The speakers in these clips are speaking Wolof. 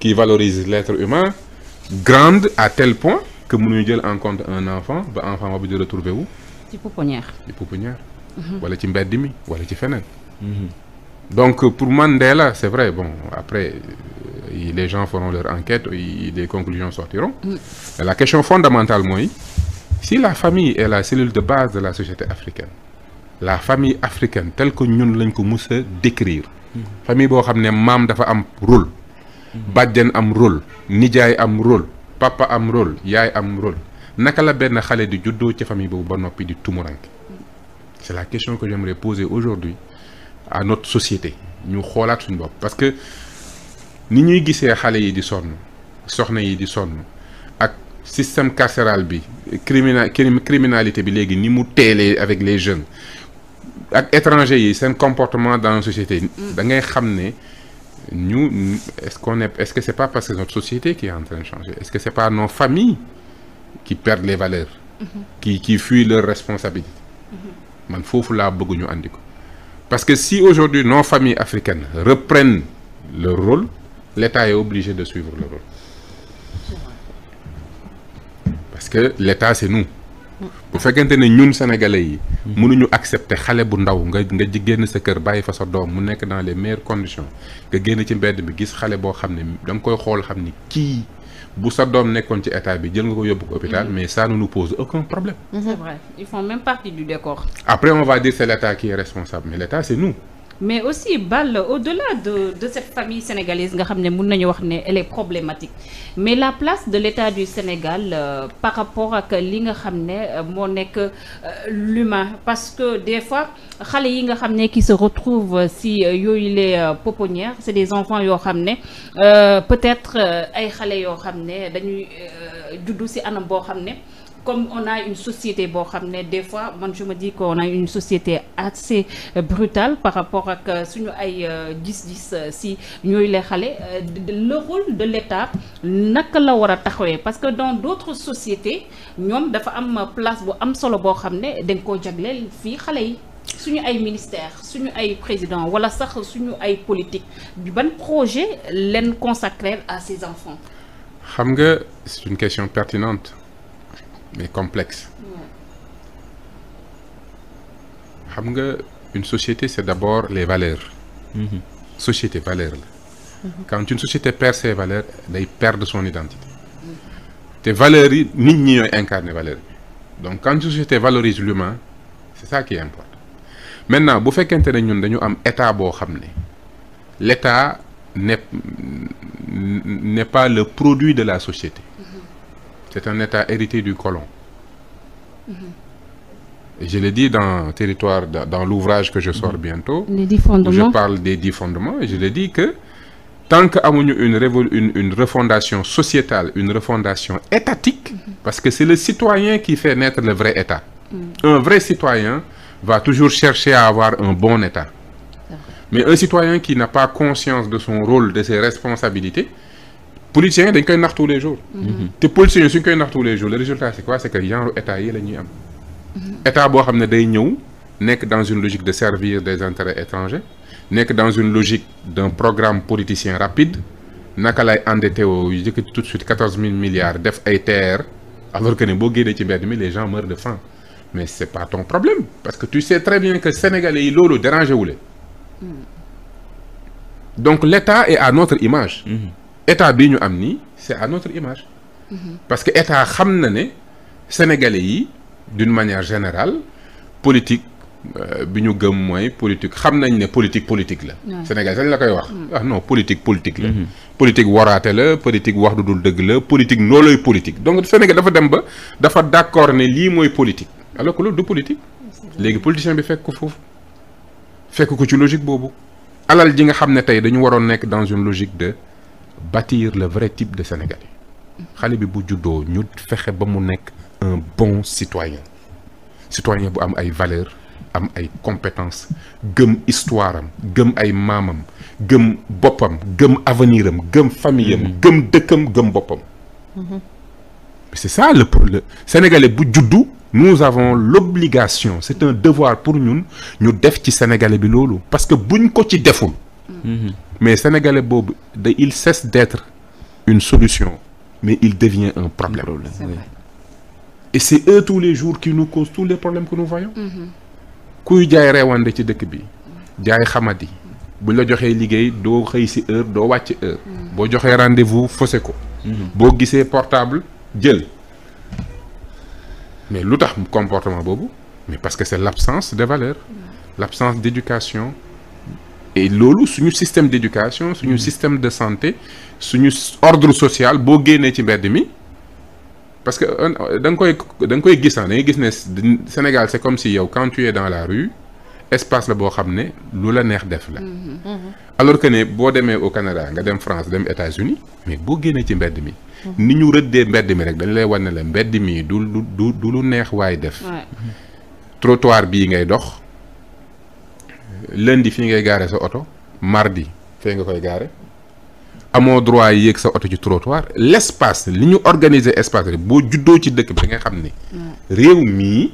qui valorise leetre humain grande à tel point que mënuñu jël en compte un enfant ba enfant boobu di retrouver wu. ci pouponnière. ci pouponnière. Mhm. wala ci mbedd mi wala ci feneen. Mhm. donc pour Mandela c'est vrai bon après euh, les gens feront leur enquête les euh, conclusions sortiront. Mm. mais la question fondamentale mooy si la famille est la cellule de base de la société africaine la famille africaine telle que ñun lañ ko mus a décrire. Mm. famille boo xam ne maam dafa am rôle. bàjjen am rôle nijaay am rôle papa am rôle yaay am rôle naka la benn xale di juddoo ci famille boobu ba noppi di tumurank c'est la question que j'aimerais poser aujourd'hui à notre société ñu xoolaat suñu bopp parce que ni ñuy gisee xale yi di sonn soxna yi di sonn ak système carcéral bi criminal criminalité bi léegi ni mu téelee avec les jeunes ak étrangers yi seen comportement dans la société mm. da ngay xam ne nous, est-ce qu'on est, est-ce que c'est pas parce que notre société qui est en train de changer Est-ce que c'est pas nos familles qui perdent les valeurs mm-hmm. qui, fuient leurs responsabilités mm-hmm. man foofu laa bëgg ñu andi ko parce que si aujourd'hui nos familles africaines reprennent leur rôle l'État est obligé de suivre le rôle parce que l'État c'est nous bu fekkente ne ñun sénégalais yi. mënuñu accepter xale bu ndaw nga nga génn sa kër bàyyi fa sa doom mu nekk dans les meilleures conditions nga génn ci mbenn bi gis xale boo xam ne danga koy xool xam ni kii bu sa doom nekkoon ci état bi jël nga ko yóbbu ko hôpital mm-hmm. mais ça ne nous pose aucun problème. c'est vrai ils même partie du décor. après on va dire c'est l'état qui est responsable mais l'état c'est nous. mais aussi Bal au-delà de de cette famille sénégalaise nga xam ne mun nañu wax ne elle est problématique mais la place de l'État du Sénégal euh, par rapport ak li nga xam ne euh, moo nekk euh, l'humain parce que des fois xale yi nga xam ne qui se retrouvent euh, si yooyu les pouponnières c'est des enfants yoo xam ne peut-être ay xale yoo xam ne dañuy juddu si anam boo xam ne comme on a une société boo xam ne des fois man je me dis qu'on a une société assez euh, brutale par rapport ak euh, suñu ay euh, gis-gis si ñooy les xale le rôle de l'État naka la war a taxawee parce que dans d'autres sociétés ñoom dafa am place bu am solo boo xam ne dañ ko jagleel fii xale yi suñu ay ministère suñu ay président wala sax suñu ay politique ban projet leen consacrer à ces enfants xam nga c'est une question pertinente mais complexe xam nga une société c'est d'abord les valeurs mhm. société valeur la quand une société perd ses valeurs day perdre son identité te valeurs yi nit ñi ñooy incarner valeur bi donc quand une société valorise l'humain c'est ça qui importe maintenant bu fekkente ne ñun dañu am état boo xam ne l'état n'est n'est pas le produit de la société C'est un État hérité du colon. Mm -hmm. Et je l'ai dit dans territoire dans l'ouvrage que je sors mhm. bientôt. Où je parle des dix fondements et je l'ai dit que tant que amuñu une une une refondation sociétale une refondation étatique. Mhm. parce que c'est le citoyen qui fait naître le vrai État. Mm -hmm. Un vrai citoyen va toujours chercher à avoir un bon État. Mais un citoyen qui n'a pas conscience de son rôle, de ses responsabilités. politiciens yi dañ koy nax tous les jours. Mhm. te politiciens yi suñ koy nax tous les jours le résultat c'est quoi c'est que genre état yi la ñuy am. état boo xam ne day ñëw nekk dans une logique de servir des intérêts étrangers nekk dans une logique d'un programme politicien rapide naka lay endetté woo yëkkati tout de suite quatorze milliards def ay terre alors que ne boo génnee ci mbedd mi les gens meurent de faim mais c'est pas ton problème parce que tu sais très bien que sénégalais yi loolu dérangé mm. donc l'État à notre image. Mm-hmm. état bi ñu am nii c'est à notre image. Mhm. parce que état xam na ne sénégalais yi d'une manière générale politique euh, bi ñu gëm mooy politique xam nañ ne politique politique la. waaw Sénégal sañ la koy wax. no mm. ah non politique politique la. Mhm. politique waraate la politique wax du dul dëgg la politique noolooy politique donc Sénégal dafa dem ba dafa d'accord ne lii mooy politique alors que loolu du politique. léegi politicien bi fekk ko foofu fekk ko ci logique boobu alal ji nga xam ne tey dañu waroon nekk dans une de. bâtir le vrai type de Sénégalais xale bi bu juddoo ñu fexe ba mu nekk un bon citoyen citoyen bu am ay valeurs am ay compétences gëm histoire am gëm ay maamam gëm boppam gëm avenir am gëm famille mm-hmm. gëm dëkkam gëm boppam mm-hmm. c'est ça le problème sénégalais bu juddu nous avons l'obligation c'est un devoir pour ñun ñu def ci sénégalais bi loolu parce que buñ ko ci deful mm-hmm. mais sénégalais boobu da il cesse d'être une solution mais il devient un problème. C'est vrai. et c'est eux tous les jours qui nous causent tous les problèmes que nous voyons. Mm-hmm. kuy jaay reewande ci dëkk bi jaay xamadi buñ la joxee liggéey doo xëy si heure doo wàcc heure. Mm-hmm. boo joxee rendez-vous faussé ko. Mm-hmm. boo gisee portable jël. mais lu tax comportement boobu mais parce que c'est l'absence de valeur l'absence d'éducation loolu suñu système d'éducation suñu mm-hmm. système de santé suñu ordre social boo génnee ci mbedd mi parce que euh, da nga koy da koy gis ah da ngay gis ne Sénégal c'est comme si yow quand tu es dans la rue espace la boo xam ne lu la neex def la. Mm-hmm. Mm-hmm. alors que ne boo demee au Canada nga dem France dem États-Unis mais boo génnee ci mbedd mi. ni ñu rëddee mbedd mi rek dañ lay wan ne la mbedd mii du du du lu neex waay def. trottoir bii ngay dox. lundi fii ngay gaare sa oto mardi fee nga koy gaare amoo droit yéeg sa oto ci trottoir l' li ñu organiser espace rek boo juddoo ci dëkk bi da xam ni. réew mii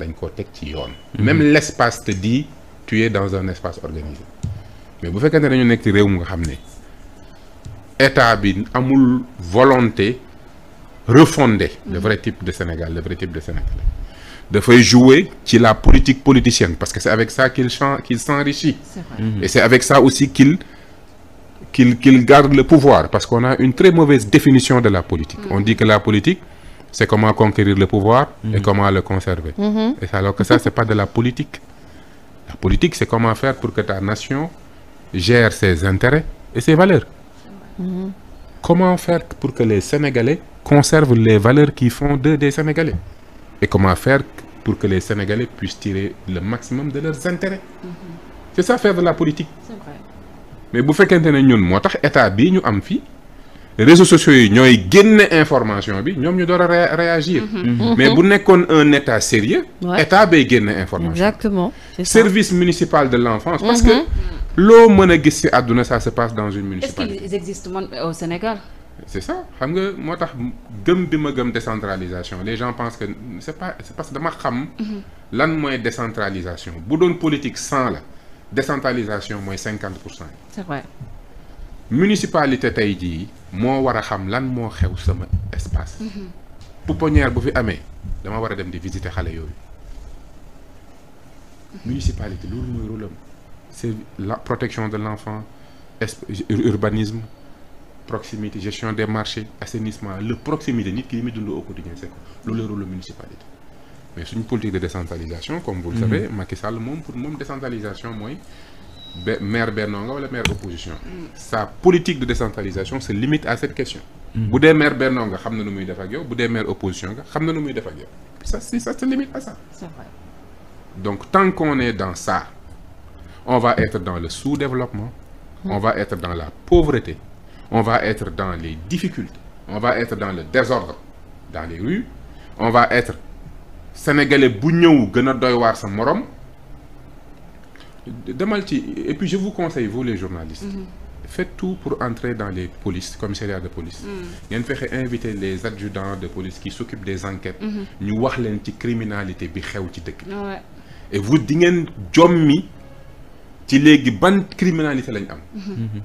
dañ koo teg ci yoon. Mm-hmm. même l' espace te di tu es dans un espace organisé mais bu fekkee ne dañu nekk ci réew mu nga xam ne état bi amul volonté refonder. le vrai type de Sénégal le vrai type de Sénégalais. dafay jouer ci la politique politicienne parce que c'est avec ça qu'il qu'il s'enrichit mhm. et c'est avec ça aussi qu'il qu'il qu'il garde le pouvoir parce qu'on a une très mauvaise définition de la politique mhm. on dit que la politique c'est comment conquérir le pouvoir mhm. et comment le conserver et alors que pas de la politique la politique c'est comment faire pour que ta nation gère ses intérêts et ses valeurs comment faire pour que les Sénégalais conservent les valeurs qui font d'eux des Sénégalais et comment pour que les Sénégalais puissent tirer le maximum de leurs intérêts. Mm-hmm. c'est ça faire de la politique. mais bu fekkente ne ñun moo tax état bii ñu am fii réseaux sociaux yi ñooy génne information bi ñoom ñu door a réagir. Mm-hmm. mais mm-hmm. bu nekkoon un état sérieux état bay génne information. exactement service municipal de l'enfance parce que loo mën a gis ci àdduna ça se passe dans une municipalité. au Sénégal. c'est ça xam nga moo tax gëm bi ma gëm décentralisation les gens pensent que c'est pas parce que dama xam mhm. lan mooy décentralisation bu doon politique cent la décentralisation mooy cinquante pour cent yi c'est vrai municipalité tey jii moo war a xam lan moo xew sama espace mhm. ponière bu fi amee dama war a dem di visiter xale yooyu mhm. municipalité loolu mooy rôle c'est la protection de l'enfant urbanisme proximité gestion des marchés assainissement le proximité nit ki li muy dund au quotidien c'est quoi loolu rôle municipalité mais suñu politique de décentralisation comme vous le mm-hmm. savez Macky Sall moom pour moom décentralisation mooy be maire bennoo nga wala maire opposition mm. sa politique de décentralisation se limite à cette question mm-hmm. bu dee maire bennoo nga xam na nu muy def ak yow bu de maire opposition nga xam na nu muy def ak yow ça si se limite à ça c'est donc tant qu'on dans ça on va être dans développement mm. on va être dans on va être dans les difficultés on va être dans le désordre dans les rues on va être sénégalais bu ñëw gën a doy sa morom demal ci et puis je vous conseille vous les journalistes mm faites tout pour entrer dans les polices commissariat de police mm. ngeen fexe inviter les adjudants de police qui s'occupent des enquêtes mm-hmm. ñu wax leen ci criminalité bi xew ci dëkk et vous di ngeen jommi ci léegi ban criminalité lañ am mm-hmm.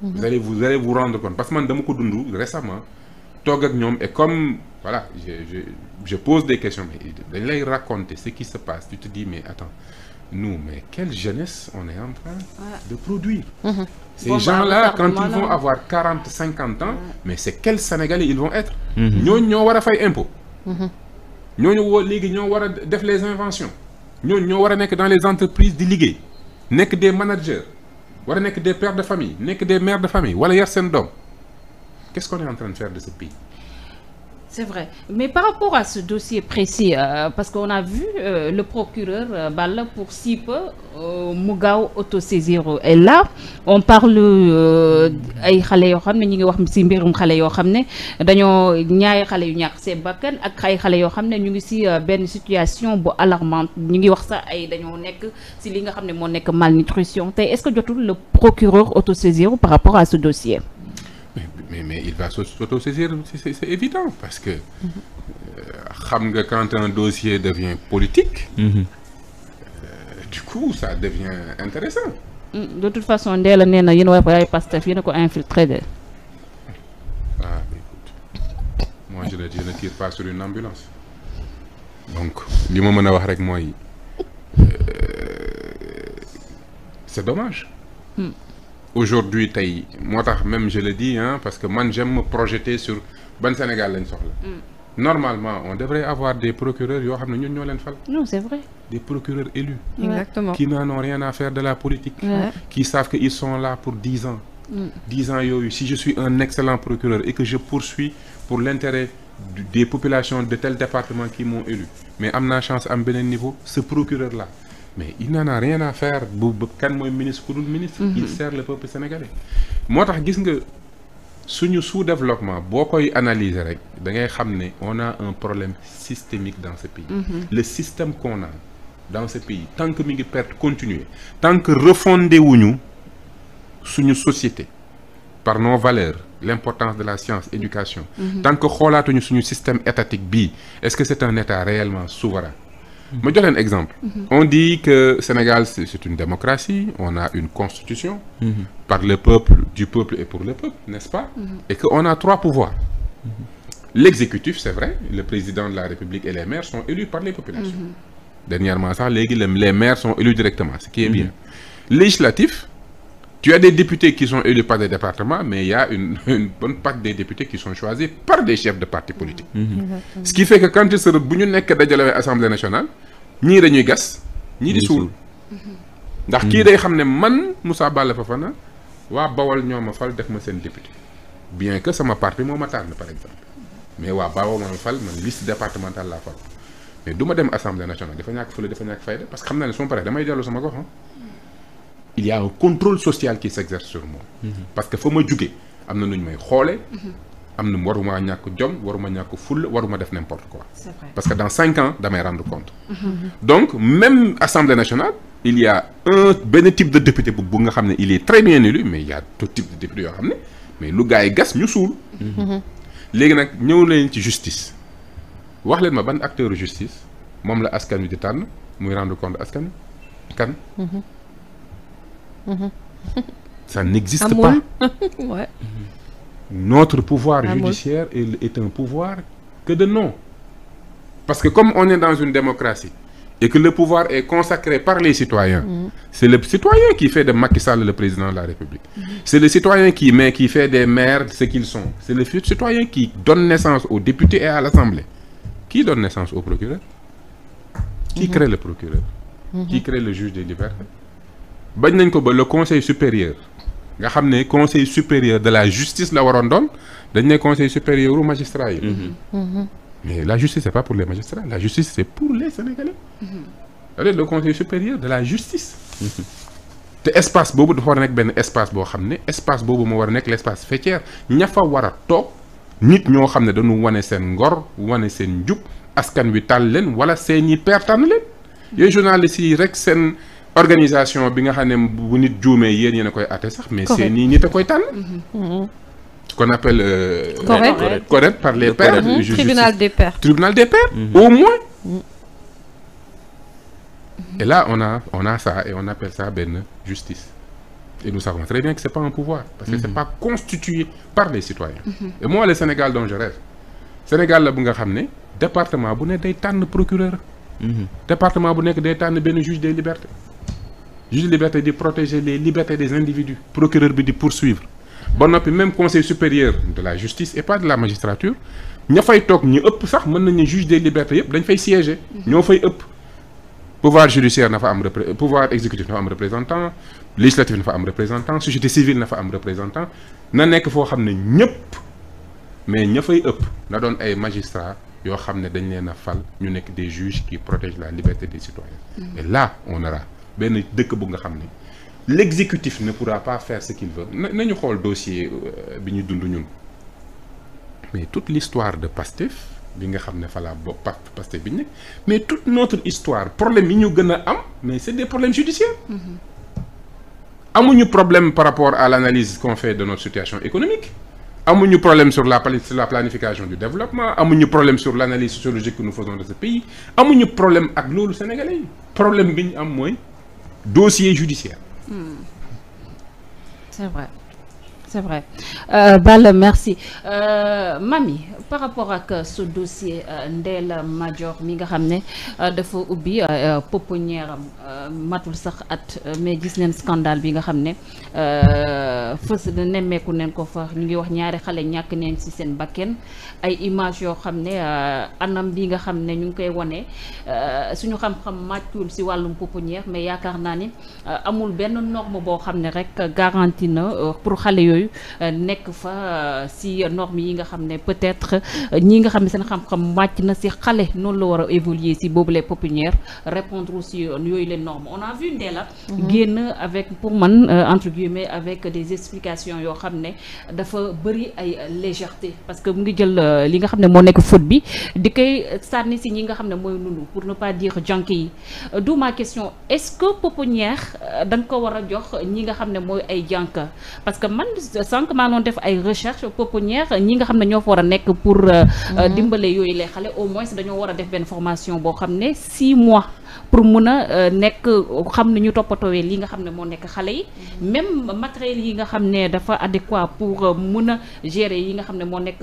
vous allez vous allez rendre compte parce que man récemment toog ak et comme voilà je pose des questions mais dañ raconter ce qui se passe tu te dis mais attends nous mais quelle jeunesse on est en train de produire mmh. ces bon, gens-là quand ils vont avoir quarante cinquante ans mmh. mais c'est quels Sénégalais ils vont être mm-hmm. ñooñu ñoo war a fay impôt mm-hmm. ñooñu woo léegi ñoo war a def les inventions ñooñu ñoo war a nekk dans les entreprises di liggéey nekk war nekk des pères de famille nekk des mères de famille wala yar seen doom qu'est-ce qu'on est en train de faire de ce C'est vrai. Mais par rapport à ce dossier précis, euh, que qu'on a vu euh, le procureur euh, Balla pour si peu euh, mu gaaw autosaisir et là on parle euh, ay xale yoo xam ne ñu ngi wax si mbirum xale yoo xam ne dañoo ñaari xale yu ñàkk see bakkan ak ay xale yoo xam ne ñu ngi si euh, benn situation bu alarmante ñu ngi wax sax ay dañoo nekk si li nga xam ne moo nekk malnutrition tey est-ce que jotul le procureur autosaisir par rapport à ce dossier mais mais il va s'autosaisir c'est évident parce que euh, xam euh, nga quand un dossier devient politique mm -hmm. euh, du coup ça devient intéressant mm, de toute façon ndee la nee na yéen waaye Pastef yéen a ko infiltré de ah écoute moi je le dis je ne tire pas sur une ambulance donc li ma mën a wax rek mooy euh, c'est dommage mm. aujourd'hui tey moo tax même je le dis parce que man j'aime me projeter sur ban Sénégal lañ soxla. Mm. normalement on devrait avoir des procureurs yoo xam ne ñun ñoo leen fal. non c'est vrai. rien à faire de la politique. Ouais. qui savent que ils sont là pour mm. dix ans. yooyu si je suis un excellent procureur et que je poursuis pour l'intérêt des populations de tel département qui m'ont élu mais am naa chance am beneen niveau ce procureur là. mais il n'en a rien à faire bu kan mooy ministre ku dul ministre. Mhm. il sert le peuple sénégalais. moo tax gis nga suñu sous-développement boo koy analyser rek da ngay xam ne on a un problème systémique dans ce pays. Mhm. le système qu'on a dans ce pays tant que mi ngi perte continuer tant que wu ñu suñu société par nos valeurs. l'importance de la science éducation. Mhm. tant que xoolaatuñu suñu système étatique bi est-ce que c'est un état réellement souverain. ma jox leen exemple. on dit que Sénégal c'est une démocratie on a une constitution. par le peuple du peuple et pour le peuple n'est-ce pas. et que on a trois pouvoirs. l'exécutif c'est vrai le président de la République et les maires sont élus par les populations. dernièrement sax léegi les maires sont élus directement ce qui est bien législatif. Tu as des députés qui sont élus par des départements, mais il y a une, une bonne partie des députés qui sont choisis par des chefs de partis politiques. Mmh. qui fait que quand bu ñu nekk dajale assemblée nationale ñii dañuy gas ñii di suul ndax kii day xam ne man Moussa Balla Fofana waa Bawol ñoo ma fal def ma seen député bien que sama parti moo ma tànn par exemple mais waa Bawol moo ma fal man liste départementale laa fal mais du dem assemblée nationale dafa il y a un contrôle social qui s'exerce sur moom. Mhm. parce que fa ma jugee am na nu ñu may xoole mhm. am na waruma ñàkk jom waruma ñàkk fulla waruma def n'importe quoi. c'est vrai. parce que dans cinq ans damay rendre compte. Mhm. donc même assemblée nationale. il y a un benn type de député bu nga xam ne il est très bien a tout type de député yoo xam ne mais lu gars yi gas ñu suul. léegi nag ñëw leen ci justice. wax leen ma ban acteur justice moom la askan wi di tànn muy rendre compte askan wi kan. Mm-hmm. ça n'existe pas ouais. Mm-hmm. notre pouvoir Amoul. judiciaire est, est un pouvoir que de nom parce que comme on est dans une démocratie et que le pouvoir est consacré par les citoyens. Mmh. C'est le citoyen qui fait de Macky Sall le président de la République. Mmh. C'est le citoyen qui met, qui fait des maires ce qu'ils sont. C'est le citoyen qui donne naissance aux députés et à l'Assemblée. Qui donne naissance au procureur? Qui mm-hmm. crée le procureur? Qui crée le juge des libertés? bañ nañ ko ba le conseil supérieur nga xam ne conseil supérieur de la justice la waroon doon dañ ne conseil supérieur u magistrat yi mhm. mais la justice c'est pas pour les magistrats la justice c'est pour les sénégalais mhm. le conseil supérieur de la justice mhm. te espace boobu dafa war a nekk benn espace boo xam ne espace boobu moo war a nekk l'espace faîtière ña fa war a toog nit ñoo xam ne dañu wane seen ngor wane seen njub askan wi tànn leen wala seen i peer tànn leen yooyu yi rek seen organisation bi nga xam ne bu nit juumee yéen yéen a koy àtte sax mais seen i nit a koy tànn kon mm-hmm. appelle euh, par les pairs mmh. tribunal des pairs tribunal des pairs mmh. au mm-hmm. benn justice et nous savons très bien que c'est pas un pouvoir parce que c'est mm-hmm. pas constitué par les citoyens et moi le Sénégal dont je Sénégal la bu nga xam ne département bu nekk day tànn procureur département bu nekk day tànn benn juge des libertés juge liberté di protéger les libertés des individus procureur bi di poursuivre ba noppi même conseil supérieur de la justice et pas de la magistrature ña fay toog ñu ëpp sax mën nañu juge des libertés yëpp dañ fay siéger mhm. ñoo fay ëpp pouvoir judiciaire na fa am repré pouvoir exécutif na fa am représentant législatif na fa am représentant société civile na fa am représentant na nekk foo xam ne ñëpp mais ña fay ëpp na doon ay magistrats yoo xam ne dañ leen fal ñu nekk des juges qui protègent la liberté des citoyens mhm. et benn dëkk bu nga xam ni l'exécutif ne pourra pas faire ce qu'il veut na ñu xool dossier euh, bi ñu dund ñun mais toute l'histoire de Pastef bi nga xam ne fa la bokk Pastef bi ñu nekk mais toute notre histoire problème yi ñu gën a am mais c'est des problèmes judiciaires mm-hmm. amuñu problème par rapport à l'analyse qu'on fait de notre situation économique amuñu problème sur la sur la planification du développement amuñu problème sur l'analyse sociologique que nous faisons de ce pays amuñu problème ak loolu sénégalais problème bi ñu am mooy dossier judiciaire. Hmm. c'est vrai c'est vrai euh, Balla merci euh, Mamy par rapport ak euh, ce dossier euh, Ndella Madior mi nga xam ne euh, dafa ubbi pouponnière am matul sax at mais gis neen scandale bi nga xam ne fës nemmeeku neen ko fa ñu ngi wax ñaari xale ñàkk neen ci seen bakken ay image yoo xam ne anam bi nga xam ne ñu ngi koy wone wane suñu xam-xam màccul ci wàllum pouponnière mais yaakaar naa ni amul benn norme boo xam ne rek garantie na pour xale yooyu nekk fa ci norme yi nga xam ne peut ñi nga xam ne seen xam-xam màcc na si xale noonu la war a évoluer si boobu les pépinières répondre aussi yooyu les normes on a vu Ndella mhm. génn avec pour man euh, entre guillemets avec des yoo xam ne dafa bëri ay légèreté parce que mu ngi jël euh, li nga xam ne moo nekk faute bi di koy sànni si ñi nga xam ne mooy nunu pour ne pas dire jànk yi euh, d'où ma question est-ce que pépinière da nga ko war a jox ñi nga xam ne mooy ay jànq parce que man sànq maa doon def ay recherche pépinière ñi nga xam ne ñoo fa war a nekk pour euh, euh, mm-hmm. dimbale yooyu les xale au moins dañoo war a def benn formation boo xam ne six mois pour mun a euh, nekk xam ne ñu toppatoowee li nga xam ne moo nekk xale yi mm-hmm. même matériel yi nga xam ne dafa adéquat pour mun a gérer yi nga xam ne moo nekk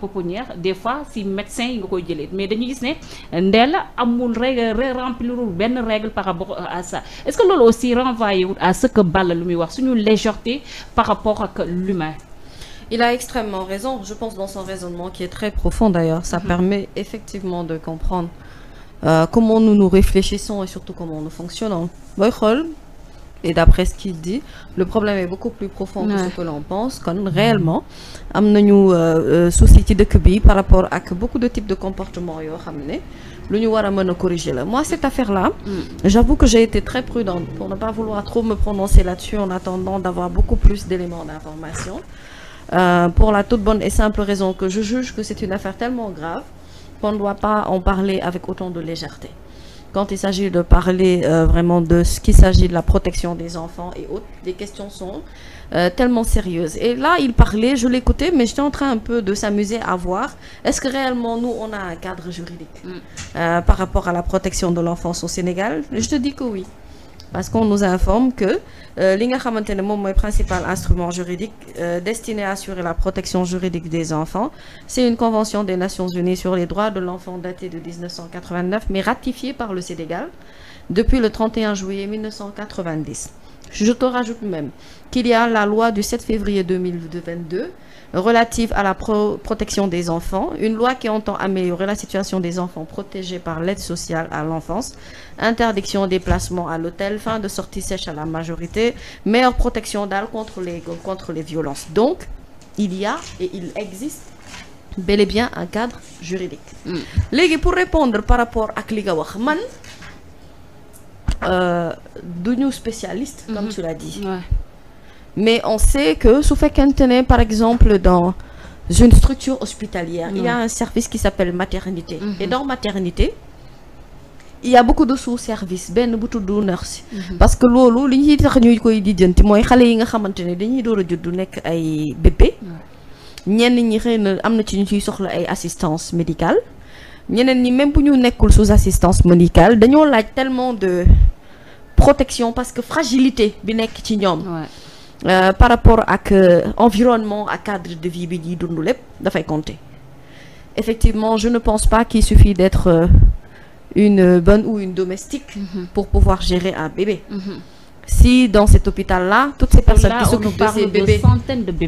pouponnière des fois si médecin yi nga koy jëlee mais dañu gis ne Ndella amul re remplirul benn règle par rapport à ça est-ce loolu aussi renvoyé wut à ce que lu muy wax suñu légèreté par rapport ak l'humain Il a extrêmement raison, je pense, dans qui est très profond d'ailleurs. Mhm. permet effectivement de comprendre euh, comment nous nous réfléchissons et surtout comment nous fonctionnons. Boyhol, et d'après ce qu'il dit, le problème est beaucoup plus profond ouais. que ce que l'on pense. Quand réellement, am nañu euh, euh, souci ci dëkk bi par rapport ak beaucoup de types de comportements yoo xam ne lu ñu war a mën a corriger la. Moi, cette affaire-là, mm. j'avoue que j'ai été très prudente pour ne pas vouloir euh, pour la toute bonne et simple raison que je juge que c'est une affaire tellement grave qu'on ne doit pas en parler avec autant de légèreté. Quand il s'agit de parler euh, vraiment de ce qu'il s'agit de la protection des enfants et autres, les questions sont euh, tellement sérieuses. Et là, il parlait, je l'écoutais, mais j'étais en train un peu de s'amuser à voir est-ce que réellement nous, on a un cadre juridique mm. euh, par rapport à la protection de l'enfance au Sénégal Je te dis que oui. parce qu'on nous euh, li nga xamante ne moom mooy principal instrument juridique euh, destiné à assurer la protection juridique des enfants c'est une convention des Nations Unies sur les droits de l'enfant datée de 1989 mais ratifiée par le Sénégal depuis relative à la pro protection des enfants, une loi qui entend améliorer la situation des enfants protégés par l'aide sociale à l'enfance, interdiction des placements à l'hôtel, fin de sortie sèche à la majorité, meilleure protection dalle contre les, contre les violences. Donc, il y a et il existe bel et bien un cadre juridique. Mm. léegi pour répondre par rapport ak li nga wax man euh, duñu spécialiste. comme mm-hmm. tu l'as dit. mais on sait que su fekkente ne par exemple dans une structure hospitalière. Mmh. il un service qui s'appelle maternité. Mmh. et dans maternité. il y a beaucoup de sous-service benn bu tudd nurse. Mm-hmm. parce que loolu li ñuy tax ñuy koy lijjanti mooy xale yi nga xamante ne dañuy door a judd nekk ay bébé. Mm-hmm. ñenn ñi xëy na am na ci ñu ciy soxla ay assistance médicale. ñeneen ñi même bu ñu nekkul sous assistance médicale dañoo laaj tellement de protection parce que fragilité bi nekk ci ñoom. Euh, par rapport ak environnement ak cadre de vie bi ñuy dund lépp dafay compter effectivement je ne pense pas qu'il suffit d'être euh, une bonne ou une domestique mm-hmm. pour pouvoir gérer un bébé mm-hmm. si dans cet hôpital-là toutes ces personnes qui s'occupent de ces bébés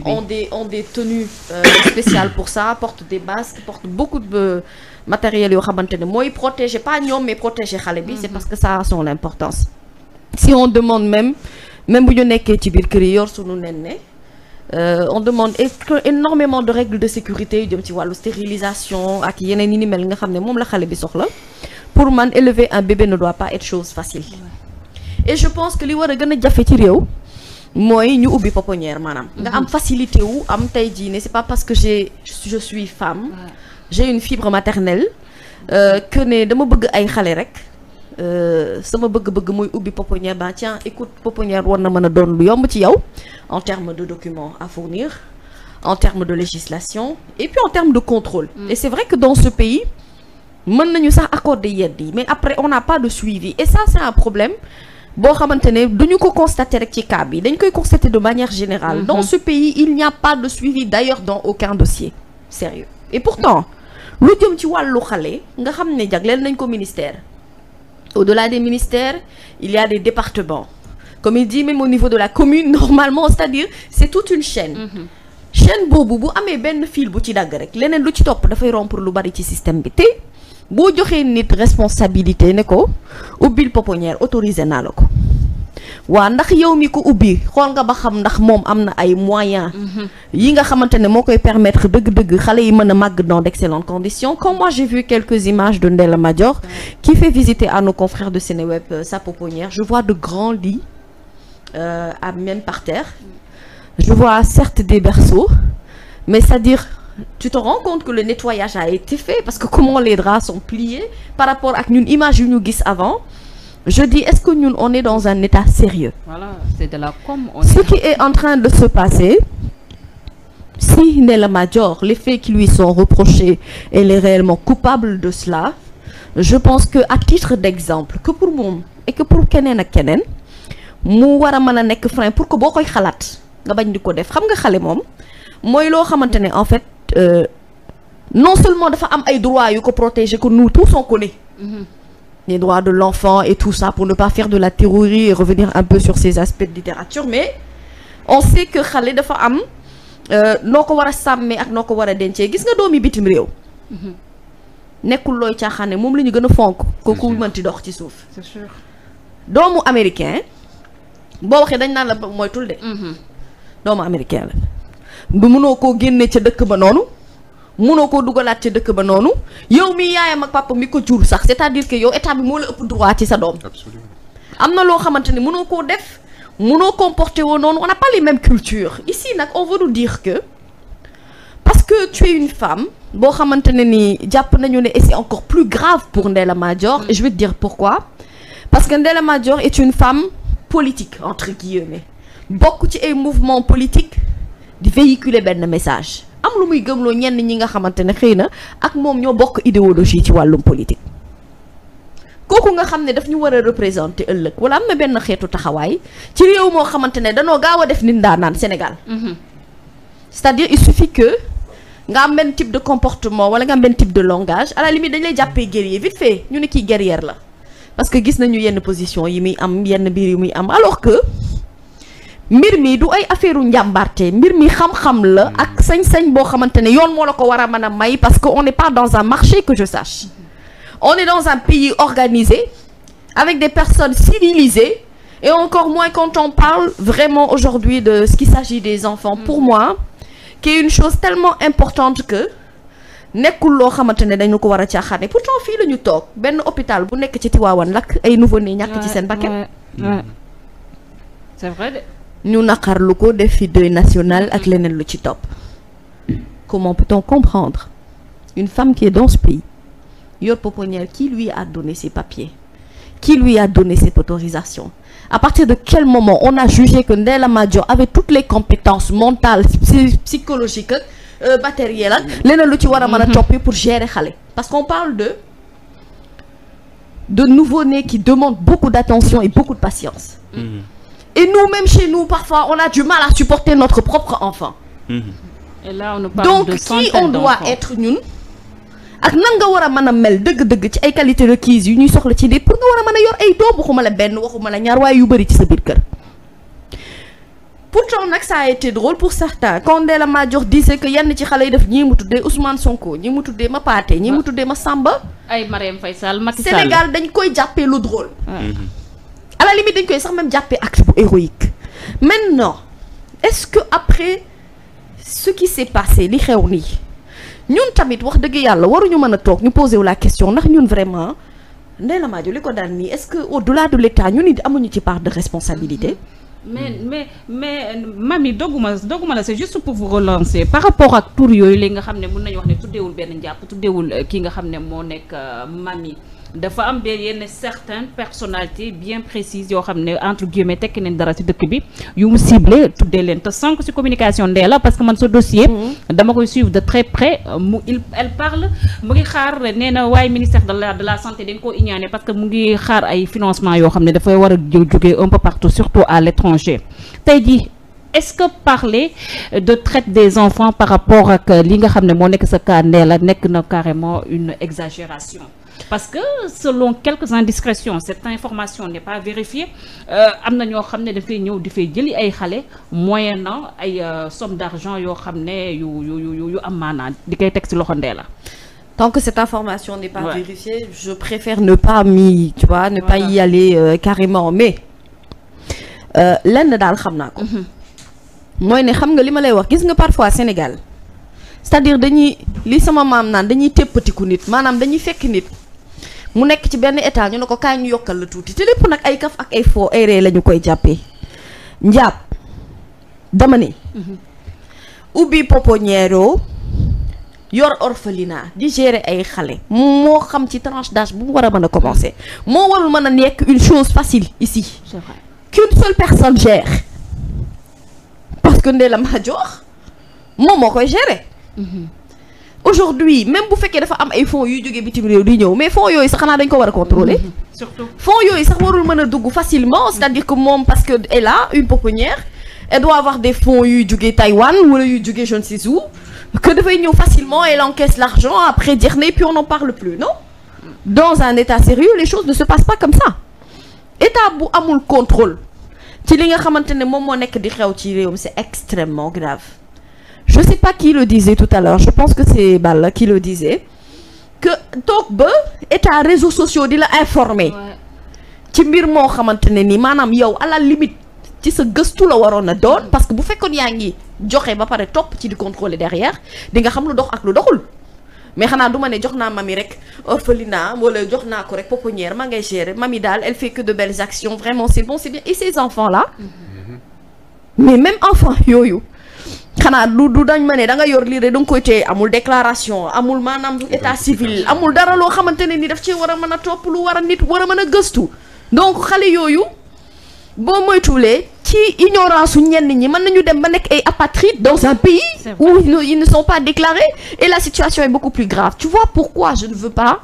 ont des ont des tenues euh, spéciales pour ça portent des masques portent beaucoup de matériel yoo xamante ne mooy protéger pas ñoom mais protéger xale bi c'est mm-hmm. parce que ça a son importance si on demande même même bu ñu nekkee ci biir kër yi yor suñu nen ne euh, on demande énormément de règles de sécurité yu jëm ci wàllu stérilisation ak yeneen yi ni mel nga xam ne moom la xale bi soxla pour man élever un bébé ne doit pas être chose facile et je pense que li war a gën a jafe ci réew mooy ñu ubbi pouponnière maanaam nga mm-hmm. am facilité wu am tey jii ne c'est pas parce que j'ai je suis femme j'ai une fibre maternelle euh, que ne dama bëgg ay xale rek Euh, sama bëgg-bëgg muy ubbi pouponnière ba tiens écoute pouponnière war na mën a doon lu yomb ci yow en termes de documents à fournir en termes de législation et puis en termes de contrôle mm. et c'est vrai que dans ce pays mën nañu sax accorder yedd yi mais après on n'a pas de suivi et ça c'est un problème boo xamante ne duñu ko constater rek ci cas yi dañ koy constater de manière générale mm-hmm. dans ce pays il n'y a pas de suivi d'ailleurs dans aucun dossier sérieux et lu jëm ci wàllu xale nga xam ne jagleel nañ ko ministère Au-delà des ministères, il y a des départements. Comme il dit, niveau de la commune, normalement, c'est-à-dire, c'est toute une chaîne. mm boobu bu amee benn fil bu ci dagg rek leneen lu ci topp dafay rompre lu bari ci système bi te boo joxee nit responsabilité ne ko ubbil poponière autorisé naa la ko waa ndax yow mi ko ubbi xool nga ba xam ndax moom am na ay moyens mhm. yi nga xamante ne moo koy permettre dëgg-dëgg xale yi mën a màgg dans d'excellentes conditions comme moi j'ai vu quelques images de Ndella Madior qui fait visiter à nos confrères de Sénéweb euh, sa pouponnière je vois de grands lits euh, à même par terre je vois certes des berceaux mais c'est-à-dire tu te rends compte que le nettoyage a été fait parce que comment les draps sont pliés par rapport ak ñun image yu ñu gis avant je dis est-ce que ñun on est dans un état sérieux voilà c'est la com on ce est... qui est en train de se passer si Ndella Madior les faits qui lui sont reprochés elle est réellement coupable de cela je pense que à titre d'exemple que pour moom et que pour keneen ak keneen mu war a mën a nekk frein pour que boo koy xalaat nga bañ di ko def xam nga xale moom mooy loo xamante ne en fait euh, non seulement dafa am ay droits yoo ko protéger que nous tous on connaît mm-hmm. les droits de l'enfant et tout ça pour ne pas faire de la théorie et revenir un peu sur ces aspects de littérature mais on sait xale dafa am euh, noo ko war a sàmmee ak noo ko war a dencee gis nga doomi bitim réew mhm. nekkul looy caaxaane moom la ñu gën a fonk kooku mënti dox ci suuf doomu américain boo waxee dañ naa la mooytul de mhm. doomu américain la bu mënoo koo génne ca dëkk ba noonu mënoo koo dugalaat ca dëkk ba noonu yow mi yaayam ak papa mi ko jur sax c'est-à-dire que yow état bi moo la ëpp droit ci sa doom am na loo xamante ni mënoo koo def mënoo comporté woo noonu on n'a pas les mêmes cultures ici nag on veut nous dire que parce que tu es une femme boo xamante ne ni jàpp nañu ne et c'est encore plus grave pour Ndella Madior mm. et je vais te dire pourquoi parce que Ndella Madior est une femme politique entre guillemets bokk ci ay mouvement politique di véhiculer benn message am lu muy gëmloo ñenn ñi nga xamante ne xëy na ak moom ñoo bokk idéologie ci wàllum politique kooku nga xam ne daf ñu war a représenter ëllëg wala am na benn xeetu taxawaay ci réew moo xamante ne danoo gaaw a def nit ndaanaan Sénégal mhm. c'est-à-dire que nga am benn type de comportement wala nga am benn type de longage à la limite dañ lay jàppee guerrier vite fait ñu ne kii guerrière la parce que gis nañu yenn position yi muy am yenn biir yi muy am alors mbir mi du ay affaire u njàmbarte mbir mi xam-xam la mm. ak sañ-sañ boo xamante ne yoon moo la ko war a mën a may parce que on n'est pas dans un marché que je sache mm-hmm. on est dans un pays organisé avec des personnes civilisées et encore moins quand parle vraiment aujourd'hui de ce qu'il s'agit des enfants pour mm-hmm. moi qui est une chose tellement importante que nekkul loo xamante ne dañu ko war a caaxaane pourtant fii la ñu toog benn hôpital bu nekk ci Tivaouane lakk ay nouveau-né seen bakkan mm-hmm. ñu naqarlu ko def fi deuil national ak leneen lu ci topp comment peut-on comprendre une femme qui est dans ce pays yor pouponnière qui lui a donné ses papiers qui lui a donné cette autorisation à partir de quel moment on a jugé que Ndella Madior avait toutes les compétences mentales psychologiques ak euh, matérielles ak leneen lu ci war a mën a mm-hmm. toppi pour gérer xale parce qu'on parle de de nouveau-nés qui demandent beaucoup d'attention et beaucoup de patience mm-hmm. Et nous-mêmes, chez nous, parfois, on a du mal à supporter notre propre enfant. Mm-hmm. donc qui on doit être ñun ak nan nga war a mën a mel dëgg-dëgg ci ay qualité requise yu ñuy soxla ci nit pour nga war a mën a yor ay doom waxuma la benn waxuma la ñaar waaye yu bari ci sa biir kër. pourtant nag sa a été drôle pour certains la Ndella jox disait que yenn ci xale yi def ñii mu tuddee Ousmane Sonko ñii mu tuddee ma Pathé ñii mu tuddee ma Samba. ay Marème Faye Sall Macky Sénégal dañ koy jàppee lu drôle. Mm-hmm. à li limite dañ koy sax même jàppee acte bu héroïque maintenant est-ce que après ce qui s'est passé li xew nii ñun tamit wax dëgg yàlla waruñu mën a toog ñu posé wu la question ndax ñun vraiment Ndella Madior li ko daal nii est-ce que au-delà de l'État ñun it amuñu ci part de responsabilité. Mm-hmm. mais mais mais mami dogguma dogguma la c'est juste pour vous relancer par rapport ak tour yooyu li nga xam ne mën nañu wax ne tuddeewul benn njàpp tuddeewul euh, ki nga xam ne moo nekk euh, mami. dafa am des yenn certaines personnalités bien précises yoo xam ne entre guillemets tekki nañ dara ci dëkk bi yu mu ciblé tuddee leen te sànq ci communication ndee la parce que man sa dossier mm-hmm. dama koy suivre de très près mu parle mu ngi xaar nee na waaye ministère de la de la santé dañ koo iñaane parce que mu ngi xaar ay financement yoo xam ne dafay war a jógee un peu partout surtout à l'étranger tey jii est-ce que parler de traite des enfants par rapport ak li nga xam ne moo nekk sa cas ndee la nekk na carrément une exagération parce que selon quelques indiscrétions cette information n'est pas vérifiée euh, am na ñoo xam ne dafay ñëw di fay jëli ay xale moyennant ay euh, somme d'argent yoo xam ne yu yu yu am maanaa di koy teg ci loxo ndee la tant que cette information n'est pas ouais. vérifiée je préfère ne pas m'y tu vois ne voilà. pas y aller euh, mais lenn daal xam naa ko mhm. mooy ne xam nga li ma lay wax gis nga parfois Sénégal c'est-à-dire dañuy li sama maam naan dañuy téppatiku nit maanaam dañuy fekk nit mu nekk ci benn état ñu ne ko kaay ñu yokkal la tuuti te lépp nag ay kaf ak ay foo ay ree la ñu koy jàppe njaab dama ne mhm. ubbi pouponnière yor orphelinat di gérer ay xale moo xam ci tranche d'âge bu mu war a mën a commencer moo warul mën a nekk une chose facile ici c'est vrai qu'une seule personne gère parce que Ndella Madior moom moo koy gérer mhm. aujourd'hui même bu fekkee dafa am ay fonds yuy jógee bitim réew di ñëw mais fonds yooyu sax xanaa dañ ko war a contrôler mm-hmm. surtout fonds yooyu sax warul mën a dugg facilement c'est-à-dire que moom parce que elle a une pouponnière elle doit avoir des fonds yuy jógee Taïwan wala yuy jógee je ne sais où que dafay ñëw facilement elle encaisse l'argent après jeex na puis on n'en parle plus non dans un état sérieux les choses ne se passent pas comme ça état bu amul contrôle ci li nga xamante ne moom moo nekk di xew ci réewam c'est extrêmement grave je sais pas qui le disait tout à l'heure je pense que c'est Balla qui le disait que toog ba état réseaux sociaux di la informer ci mbir moo xamante ne nii maanaam yow à limite ci sa gëstu la waroon a doon parce que bu fekkoon yaa ngi joxe ba pare topp ci di contrôler derrière di nga xam lu dox ak lu doxul mais xanaa du ma ne jox naa mami rek orphelinat wala jox naa ko rek pouponnière maa ngay gérer mami daal elle fait que de belles actions vraiment c'est bon c'est bien et mm-hmm. mais même enfants yooyu xanaa du dañ ma ne da nga yor lii rek da nga koy téye amul déclaration amul maanaam état civil amul dara loo xamante ne ni daf ci war a mën a topp lu war a nit war a mën a gëstu donc xale yooyu boo moytuwulee ci ignorance su ñenn ñi mën nañu dem ba nekk ay apatrides dans un pays où ils ne sont pas déclarés et la situation est beaucoup plus grave ci vois pourquoi je ne veux pas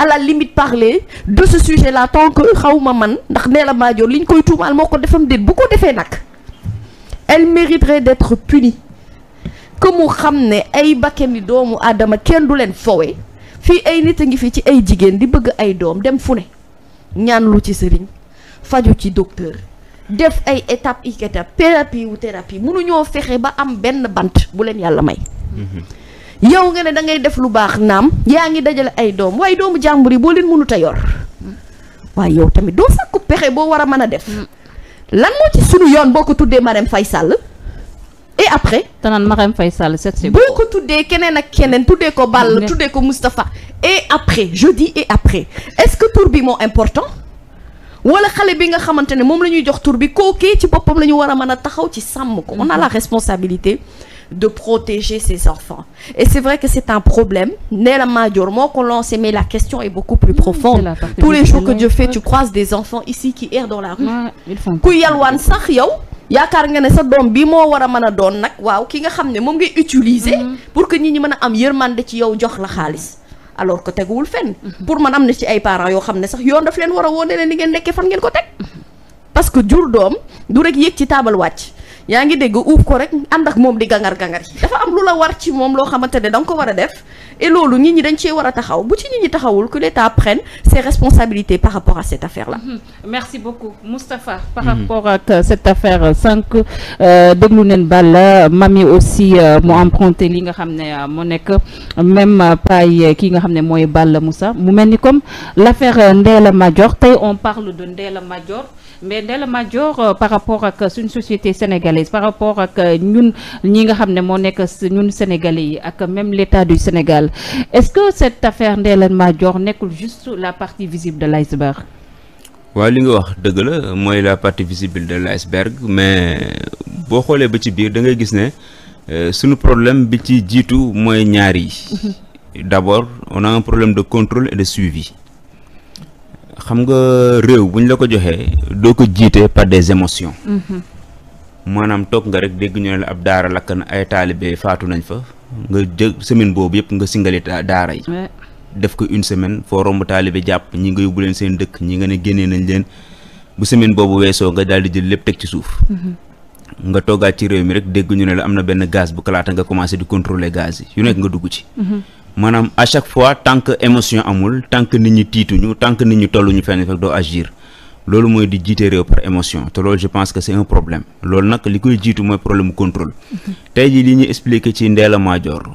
à la limite parler de ce sujet là tant que xawma man ndax nee la maajoor li ñu koy tuumaal moo ko defam déet bu ko defee nag elle mériterait d'être punie que mu xam ne ay bakkani doomu aadama kenn du leen fowe fii ay nit a ngi fi ci ay jigéen di bëgg ay doom dem fu ne ñaan lu ci sëriñ faju ci docteur def ay étape i étape thérapie wu thérapie mënuñoo fexe ba am benn bant bu leen yàlla may mhm. yow nga ne da ngay def lu baax naam yaa ngi dajale ay doom waaye doomu jàmbur yi boo leen mënut a mhm. waaye yow tamit doo sàkku pexe boo war a mën a def mm. lan moo ci sunu yoon boo ko tuddee Marème fay Sall après. tanaan Marème Faye Sall set si. boo ko tuddee keneen ak keneen tuddee ko Ball tuddee ko Moustapha et après je et après est-ce que tur bi moo important wala xale bi nga xamante ne moom la ñuy jox tour bi kookee ci boppam la ñu war a mën a taxaw ci sàmm ko. on naa la mhm. responsabilité. de protéger ses enfants et c'est vrai que c'est un problème Ndella Madior moo ko lancé mais la question est beaucoup plus profonde mmh, tous les jours que Dieu fait tu croises des enfants ici qui errent dans la rue ku yalwaan sax yow yaakaar nga ne sa doom bi moo war a mën a doon nag waaw ki nga xam ne moom ngay utiliser mm-hmm. pour que nit ñi mën a am man de ci yow jox la xaalis alors que teguwul fenn mm-hmm. pour man am na ci ay parents yoo xam ne sax yoon daf leen war a woo ne leen li ngeen nekkee fan ngeen ko teg mm-hmm. parce que jur doom du rek yéeg ci taabal wàcc yaa ngi dégg uuf ko rek ànd ak moom di gangar gangar yi dafa am lu la war ci moom loo xamante ne da ko war a def et loolu nit ñi dañ cee war a taxaw bu ci nit ñi taxawul que l'État prenne ses responsabilités par rapport à cette affaire la mm-hmm. merci beaucoup Moustapha. par mm-hmm. rapport ak euh, cette affaire sànq euh, euh, déglu neen Balla mami aussi mu emprunté li nga xam ne mu nekk même paille ki nga xam ne mooy Balla Moussa mu mel ni comme l'affaire Ndella Madior tey on parle de Ndella Madior. mais Ndella Madior euh, par rapport ak suñu société sénégalaise par rapport ak euh, ñun ñi nga xam ne moo nekk ñun sénégalais yi ak même l'état du Sénégal est-ce que cette affaire Ndella Madior nekkul juste la partie visible de l'iceberg waaw li nga wax dëgg la mooy la partie visible de l'iceberg mais boo xoolee ba ci biir da ngay gis ne euh, suñu problème bi ci jiitu mooy ñaari yi mhm. d'abord on a un problème de contrôle et de suivi xam nga réew bu ñu la ko joxee doo ko jiitee par des émotions mhm. maanaam toog nga rek dégg ñu ne la ab daara lakk na ay taalibe faatu nañ fa nga jël semaine boobu yëpp nga singali daara yi def ko une semaine foo romb taalibe jàpp ñi nga yóbbu leen seen dëkk ñi nga ne génnee nañ leen bu semaine boobu weesoo nga daal di jël lépp teg ci suuf mhm. nga toogaat ci réew mi rek dégg ñu ne la am na benn gaz bu kalaata nga commencé di contrôler gaz yi yu nekk nga dugg ci mhm. maanaam à chaque fois tant que émotion amul tant nit ñi tiituñu tant que nit ñi tolluñu fenn fekk doo agir loolu mooy di jiite réew par émotion te loolu je pense que c'est un problème lool nag li koy jiitu mooy problème contrôle tey jii li ñuy expliquer ci Ndella Madior